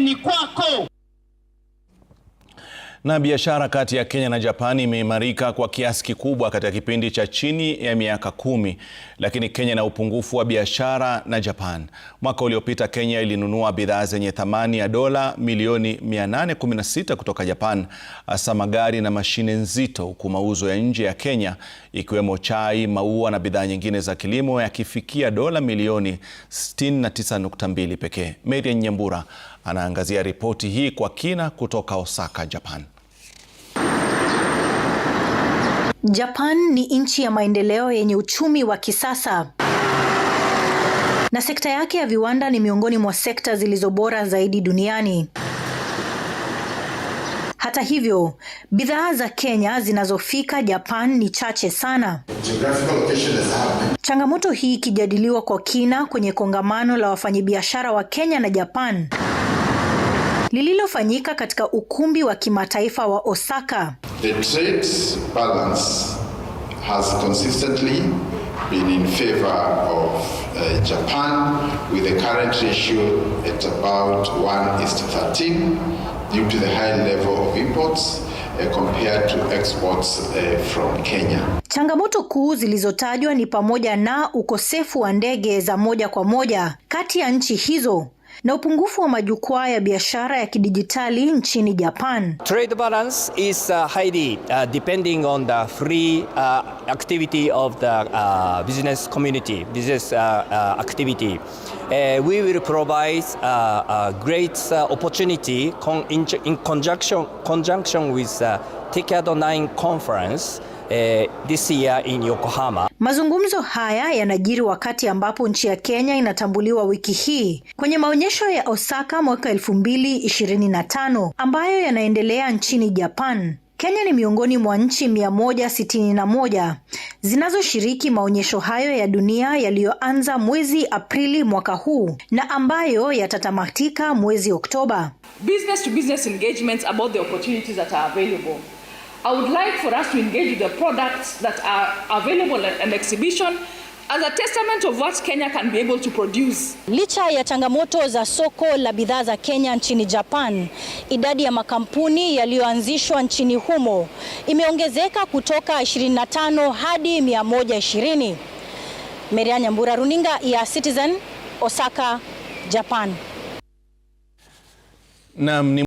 ni kwako. Na biashara kati ya Kenya na Japani imeimarika kwa kiasi kikubwa katika kipindi cha chini ya miaka kumi, lakini Kenya ina upungufu wa biashara na Japan. Mwaka uliopita Kenya ilinunua bidhaa zenye thamani ya dola milioni 816 kutoka Japan, hasa magari na mashine nzito, huku mauzo ya nje ya Kenya ikiwemo chai, maua na bidhaa nyingine za kilimo yakifikia dola milioni 69.2 pekee. Marian Nyambura anaangazia ripoti hii kwa kina kutoka Osaka, Japan. Japan ni nchi ya maendeleo yenye uchumi wa kisasa na sekta yake ya viwanda ni miongoni mwa sekta zilizobora zaidi duniani. Hata hivyo, bidhaa za Kenya zinazofika Japan ni chache sana. Changamoto hii ikijadiliwa kwa kina kwenye kongamano la wafanyabiashara wa Kenya na Japan lililofanyika katika ukumbi wa kimataifa wa Osaka. The trade balance has consistently been in favor of uh, Japan with the current ratio at about 1 is to 13 due to the high level of imports uh, compared to exports uh, from Kenya. Changamoto kuu zilizotajwa ni pamoja na ukosefu wa ndege za moja kwa moja kati ya nchi hizo na upungufu wa majukwaa ya biashara ya kidijitali nchini Japan. Trade balance is uh, highly uh, depending on the free uh, activity of the uh, business community, business uh, uh, activity. Uh, we will provide uh, a uh, great uh, opportunity con in, in conjunction, conjunction with uh, Decade 9 conference eh, this year in Yokohama. Mazungumzo haya yanajiri wakati ambapo nchi ya Kenya inatambuliwa wiki hii kwenye maonyesho ya Osaka mwaka elfu tano ambayo yanaendelea nchini Japan. Kenya ni miongoni mwa nchi mia moja sitini na moja zinazoshiriki maonyesho hayo ya dunia yaliyoanza mwezi Aprili mwaka huu na ambayo yatatamatika mwezi Oktoba. Business to business engagements about the opportunities that are available. I would like for us to engage with the products that are available at an exhibition as a testament of what Kenya can be able to produce. Licha ya changamoto za soko la bidhaa za Kenya nchini Japan, idadi ya makampuni yaliyoanzishwa nchini humo imeongezeka kutoka 25 hadi 120. Maria Nyambura, Runinga ya Citizen, Osaka, Japan. Naam.